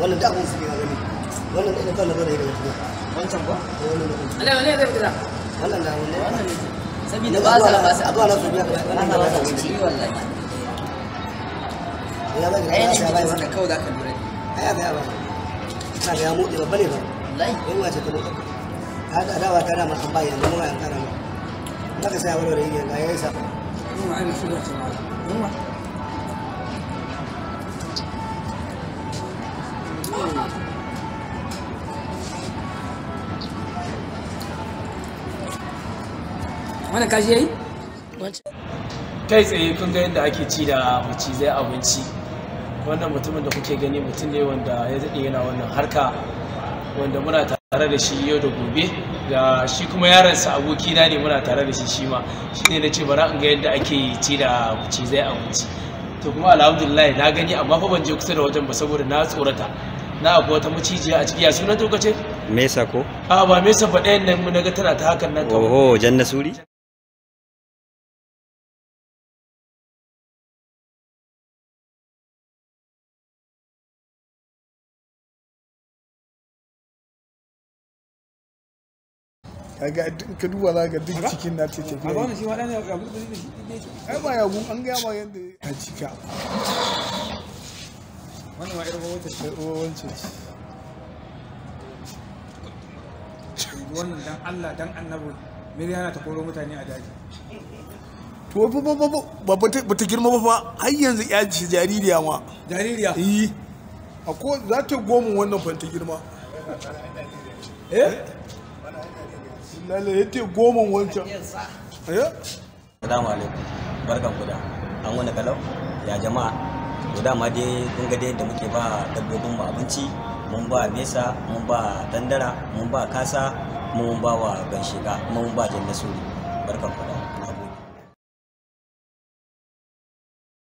wannan da abin suke gani wannan da ina kawai da eh, ya wancan ba wannan da kuma Allah ne zai fita wannan da wannan wannan ne saboda ba sa ba sa abuwa na su biya wannan ba sa wuce wallahi ya ba ga ya ba wannan kawai zaka lura ai ga ba ka ga mu da ba ne ba wallahi wai wace ka lura ka da dawa ta da maka bayan da ga an kara ma naka sai warware yin ga yayi sa shi da wannan kaji yayi kai tsaye kun ga yadda ake ci da macizai abinci wannan mutumin da kuke gani mutum ne wanda ya daɗe yana wannan harka wanda muna tare da shi yau da gobe ga shi kuma yaransa abokina ne muna tare da shi shi ma shi ne na ce bara in ga yadda ake ci da macizai abinci to kuma alhamdulillah na gani amma fa ban je kusa da wajen ba saboda na tsorata na abu wata macijiya a ciki ya sunan to kace mesa ko a ba mesa ba ɗayan nan mu naga tana ta hakan nan kawai oho jannasuri kaga ka duba za duk cikin na take kai abana shi ya gudu da shi ai ba ya an ga ma yanda ya cika wannan ma irin wata ce wance wannan dan Allah dan annabi Maryana ta koro mutane a daji to ba ba ba ta girma ba fa har yanzu ya jaririya ma jaririya eh ko za ta goma wannan fa ta girma eh lalle ya ce goma wancan eh? salamu alaikum barkan kuda an wani kalau ya jama'a to dama dai kun ga da muke ba dabbobin mu abinci mun ba mesa mun ba dandara mun ba kasa mun ba wa ganshiga mun ba jannasuri barkan kuda na gode